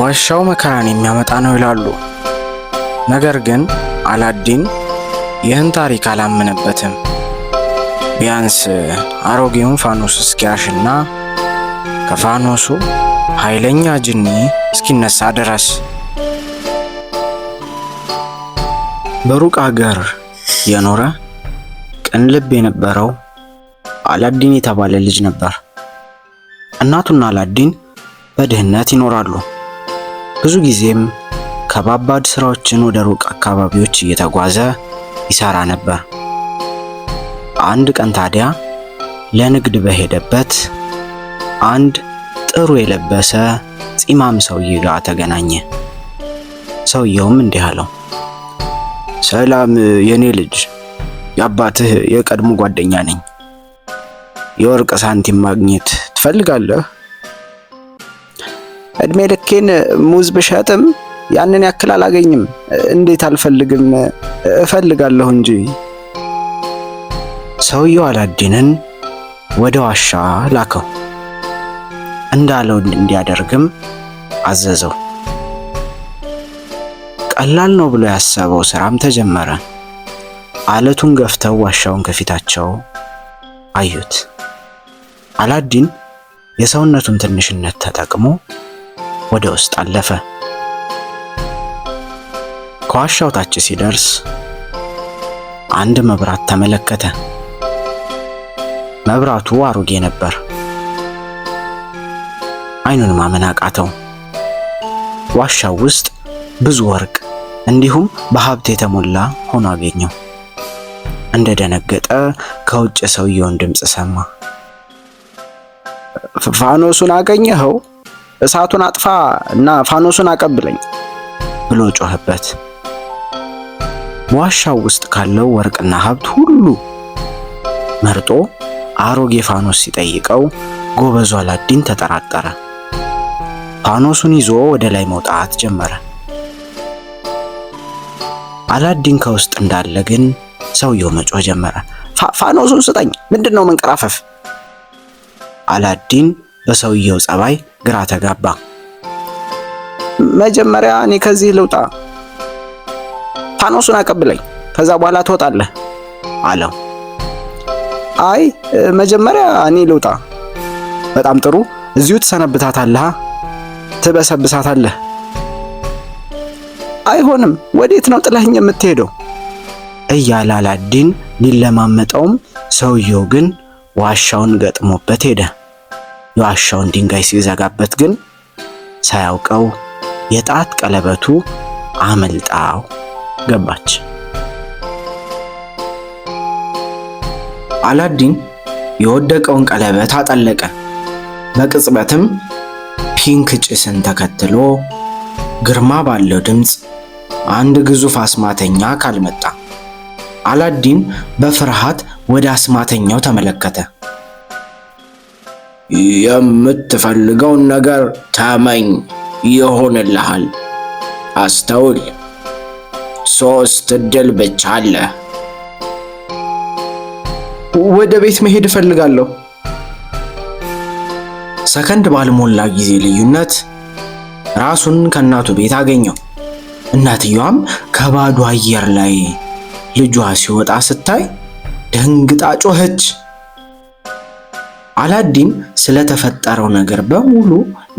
ዋሻው መከራን የሚያመጣ ነው ይላሉ። ነገር ግን አላዲን ይህን ታሪክ አላመነበትም። ቢያንስ አሮጌውን ፋኖስ እስኪያሽና ከፋኖሱ ኃይለኛ ጅኒ እስኪነሳ ድረስ በሩቅ አገር የኖረ ቅን ልብ የነበረው አላዲን የተባለ ልጅ ነበር። እናቱና አላዲን በድህነት ይኖራሉ። ብዙ ጊዜም ከባባድ ስራዎችን ወደ ሩቅ አካባቢዎች እየተጓዘ ይሰራ ነበር። አንድ ቀን ታዲያ ለንግድ በሄደበት አንድ ጥሩ የለበሰ ፂማም ሰውዬ ጋር ተገናኘ። ሰውየውም እንዲህ አለው፣ ሰላም የኔ ልጅ፣ የአባትህ የቀድሞ ጓደኛ ነኝ። የወርቅ ሳንቲም ማግኘት ትፈልጋለህ? እድሜ ልኬን ሙዝ ብሸጥም ያንን ያክል አላገኝም። እንዴት አልፈልግም? እፈልጋለሁ እንጂ። ሰውየው አላዲንን ወደ ዋሻ ላከው፣ እንዳለው እንዲያደርግም አዘዘው። ቀላል ነው ብሎ ያሰበው ስራም ተጀመረ። አለቱን ገፍተው ዋሻውን ከፊታቸው አዩት። አላዲን የሰውነቱን ትንሽነት ተጠቅሞ ወደ ውስጥ አለፈ። ከዋሻው ታች ሲደርስ አንድ መብራት ተመለከተ። መብራቱ አሮጌ ነበር። አይኑን ማመን አቃተው። ዋሻው ውስጥ ብዙ ወርቅ እንዲሁም በሀብት የተሞላ ሆኖ አገኘው። እንደደነገጠ ከውጭ ሰውየውን ድምፅ ሰማ። ፋኖሱን አገኘኸው? እሳቱን አጥፋ እና ፋኖሱን አቀብለኝ ብሎ ጮኸበት። ዋሻው ውስጥ ካለው ወርቅና ሀብት ሁሉ መርጦ አሮጌ ፋኖስ ሲጠይቀው ጎበዙ አላዲን ተጠራጠረ። ፋኖሱን ይዞ ወደ ላይ መውጣት ጀመረ። አላዲን ከውስጥ እንዳለ ግን ሰውየው መጮህ ጀመረ። ፋኖሱን ስጠኝ! ምንድን ነው መንቀራፈፍ? አላዲን በሰውየው ጸባይ ግራ ተጋባ። መጀመሪያ እኔ ከዚህ ልውጣ፣ ፋኖሱን አቀብለኝ፣ ከዛ በኋላ ትወጣለህ አለው። አይ መጀመሪያ እኔ ልውጣ። በጣም ጥሩ፣ እዚሁ ትሰነብታታለህ፣ ትበሰብሳታለህ። አይሆንም፣ ወዴት ነው ጥለህኝ የምትሄደው? እያለ አላዲን ሊለማመጠውም ሰውየው ግን ዋሻውን ገጥሞበት ሄደ። የዋሻውን ድንጋይ ሲዘጋበት ግን ሳያውቀው የጣት ቀለበቱ አመልጣው ገባች። አላዲን የወደቀውን ቀለበት አጠለቀ። በቅጽበትም ፒንክ ጭስን ተከትሎ ግርማ ባለው ድምፅ አንድ ግዙፍ አስማተኛ አካል መጣ። አላዲን በፍርሃት ወደ አስማተኛው ተመለከተ። የምትፈልገውን ነገር ተመኝ ይሆንልሃል። አስተውል፣ ሶስት እድል ብቻ አለ። ወደ ቤት መሄድ እፈልጋለሁ። ሰከንድ ባልሞላ ጊዜ ልዩነት ራሱን ከእናቱ ቤት አገኘው። እናትየዋም ከባዶ አየር ላይ ልጇ ሲወጣ ስታይ ደንግጣ ጮኸች። አላዲን ስለተፈጠረው ነገር በሙሉ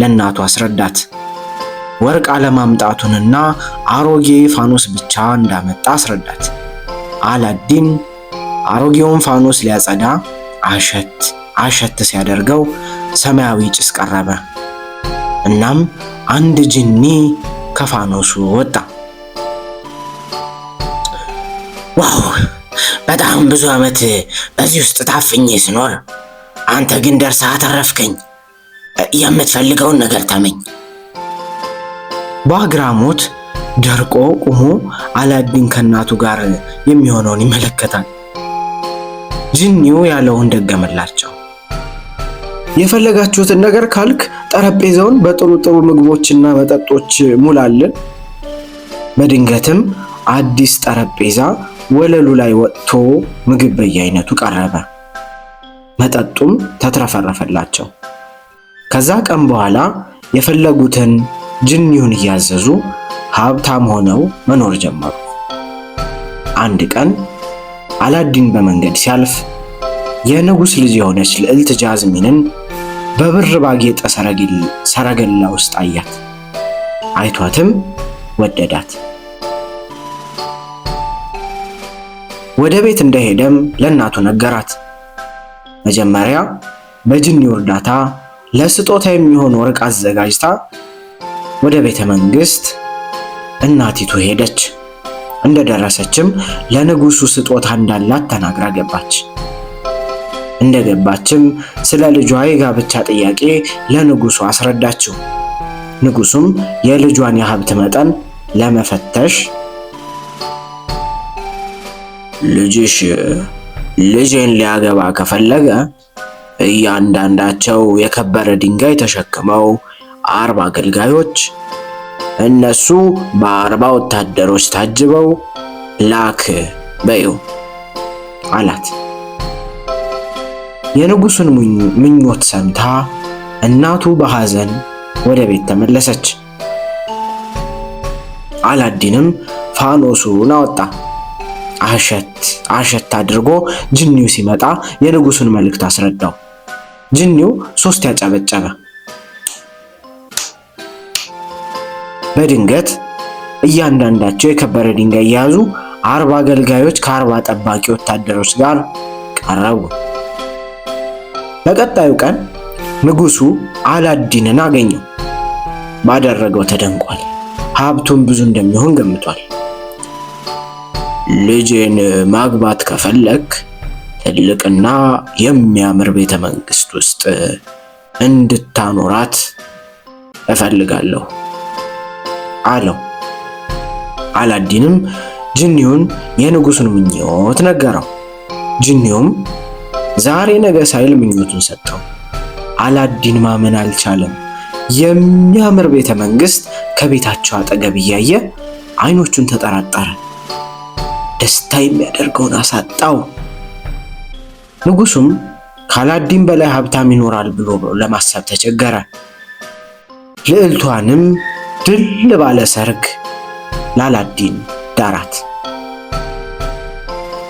ለእናቱ አስረዳት። ወርቅ አለማምጣቱንና አሮጌ ፋኖስ ብቻ እንዳመጣ አስረዳት። አላዲን አሮጌውን ፋኖስ ሊያጸዳ አሸት አሸት ሲያደርገው ሰማያዊ ጭስ ቀረበ። እናም አንድ ጅኒ ከፋኖሱ ወጣ። ዋው! በጣም ብዙ ዓመት በዚህ ውስጥ ታፍኜ ስኖር አንተ ግን ደርሰህ አተረፍከኝ። የምትፈልገውን ነገር ተመኝ። በአግራሞት ደርቆ ቁሞ አላዲን ከእናቱ ጋር የሚሆነውን ይመለከታል። ጅኒው ያለውን ደገመላቸው። የፈለጋችሁትን ነገር ካልክ ጠረጴዛውን በጥሩ ጥሩ ምግቦችና መጠጦች ሙላልን። በድንገትም አዲስ ጠረጴዛ ወለሉ ላይ ወጥቶ ምግብ በየአይነቱ ቀረበ። መጠጡም ተትረፈረፈላቸው። ከዛ ቀን በኋላ የፈለጉትን ጅኒውን እያዘዙ ሀብታም ሆነው መኖር ጀመሩ። አንድ ቀን አላዲን በመንገድ ሲያልፍ የንጉሥ ልጅ የሆነች ልዕልት ጃዝሚንን በብር ባጌጠ ሰረገላ ውስጥ አያት። አይቷትም ወደዳት። ወደ ቤት እንደሄደም ለእናቱ ነገራት። መጀመሪያ በጅኒ እርዳታ ለስጦታ የሚሆን ወርቅ አዘጋጅታ ወደ ቤተ መንግስት እናቲቱ ሄደች። እንደደረሰችም ለንጉሱ ስጦታ እንዳላት ተናግራ ገባች። እንደገባችም ስለ ልጇ የጋብቻ ጥያቄ ለንጉሱ አስረዳችው። ንጉሱም የልጇን የሀብት መጠን ለመፈተሽ ልጅሽ ልጅን ሊያገባ ከፈለገ እያንዳንዳቸው የከበረ ድንጋይ ተሸክመው አርባ አገልጋዮች እነሱ በአርባ ወታደሮች ታጅበው ላክ በዩ አላት። የንጉሱን ምኞት ሰምታ እናቱ በሐዘን ወደ ቤት ተመለሰች። አላዲንም ፋኖሱን አወጣ። አሸት አሸት አድርጎ ጅኒው ሲመጣ የንጉሱን መልእክት አስረዳው። ጅኒው ሶስት ያጨበጨበ። በድንገት እያንዳንዳቸው የከበረ ድንጋይ የያዙ አርባ አገልጋዮች ከአርባ ጠባቂ ወታደሮች ጋር ቀረቡ። በቀጣዩ ቀን ንጉሱ አላዲንን አገኘው። ባደረገው ተደንቋል። ሀብቱን ብዙ እንደሚሆን ገምቷል። ልጄን ማግባት ከፈለግ ትልቅና የሚያምር ቤተ መንግስት ውስጥ እንድታኖራት እፈልጋለሁ አለው። አላዲንም ጅኒውን የንጉሱን ምኞት ነገረው። ጅኒውም ዛሬ ነገ ሳይል ምኞቱን ሰጠው። አላዲን ማመን አልቻለም። የሚያምር ቤተ መንግስት ከቤታቸው አጠገብ እያየ አይኖቹን ተጠራጠረ። ደስታ የሚያደርገውን አሳጣው። ንጉሱም ካላዲን በላይ ሀብታም ይኖራል ብሎ ለማሰብ ተቸገረ። ልዕልቷንም ድል ባለ ሰርግ ላላዲን ዳራት።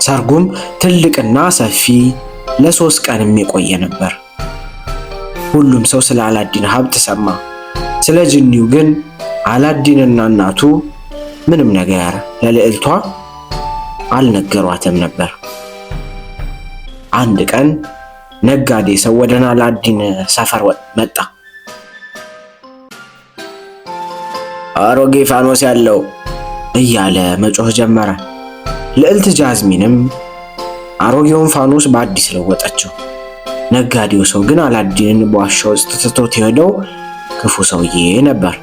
ሰርጉም ትልቅና ሰፊ ለሶስት ቀንም የቆየ ነበር። ሁሉም ሰው ስለ አላዲን ሀብት ሰማ። ስለ ጅኒው ግን አላዲንና እናቱ ምንም ነገር ለልዕልቷ አልነገሯትም ነበር። አንድ ቀን ነጋዴ ሰው ወደ አላዲን ሰፈር መጣ። አሮጌ ፋኖስ ያለው እያለ መጮህ ጀመረ። ልዕልት ጃዝሚንም አሮጌውን ፋኖስ በአዲስ ለወጠችው። ነጋዴው ሰው ግን አላዲንን በዋሻ ውስጥ ትቶት የሄደው ክፉ ሰውዬ ነበር።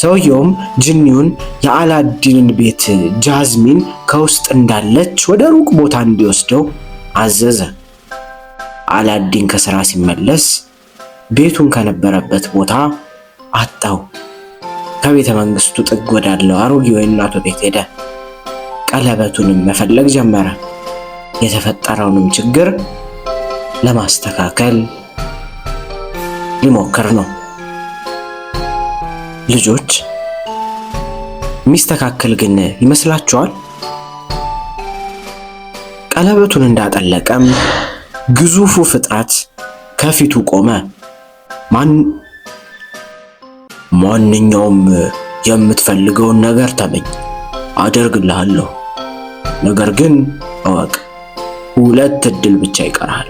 ሰውየውም ጅኒውን የአላዲንን ቤት ጃዝሚን ከውስጥ እንዳለች ወደ ሩቅ ቦታ እንዲወስደው አዘዘ። አላዲን ከሥራ ሲመለስ ቤቱን ከነበረበት ቦታ አጣው። ከቤተ መንግሥቱ ጥግ ወዳለው አሮጌው የእናቱ ቤት ሄደ። ቀለበቱንም መፈለግ ጀመረ። የተፈጠረውንም ችግር ለማስተካከል ሊሞክር ነው። ልጆች የሚስተካከል ግን ይመስላችኋል? ቀለበቱን እንዳጠለቀም ግዙፉ ፍጥረት ከፊቱ ቆመ። ማን ማንኛውም የምትፈልገውን ነገር ተመኝ፣ አደርግልሃለሁ። ነገር ግን እወቅ፣ ሁለት እድል ብቻ ይቀርሃል።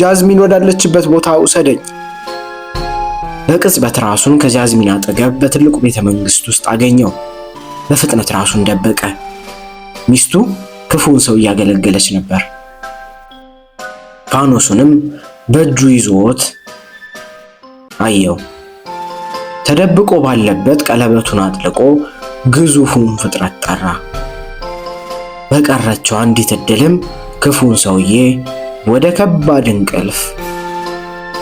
ጃዝሚን ወዳለችበት ቦታ ውሰደኝ። በቅጽበት ራሱን ከጃዝሚን አጠገብ በትልቁ ቤተ መንግስት ውስጥ አገኘው። በፍጥነት ራሱን ደበቀ። ሚስቱ ክፉውን ሰው እያገለገለች ነበር። ፋኖሱንም በእጁ ይዞት አየው። ተደብቆ ባለበት ቀለበቱን አጥልቆ ግዙፉን ፍጥረት ጠራ። በቀረችው አንዲት እድልም ክፉን ሰውዬ ወደ ከባድ እንቅልፍ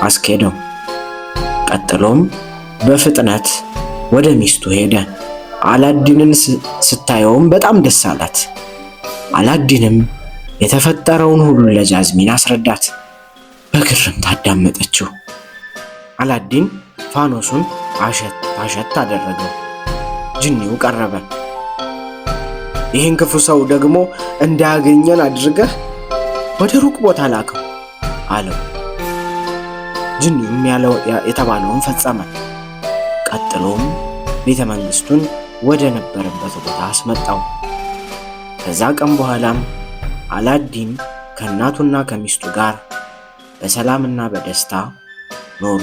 አስኬደው። ቀጥሎም በፍጥነት ወደ ሚስቱ ሄደ። አላዲንን ስታየውም በጣም ደስ አላት። አላዲንም የተፈጠረውን ሁሉ ለጃዝሚን አስረዳት። በግርም ታዳመጠችው። አላዲን ፋኖሱን አሸት አሸት አደረገው። ጅኒው ቀረበ። ይህን ክፉ ሰው ደግሞ እንዳያገኘን አድርገህ ወደ ሩቅ ቦታ ላከው አለው። ጅኒም ያለው የተባለውን ፈጸመ። ቀጥሎም ቤተ መንግስቱን ወደ ነበረበት ቦታ አስመጣው። ከዛ ቀን በኋላም አላዲን ከእናቱና ከሚስቱ ጋር በሰላምና በደስታ ኖሩ።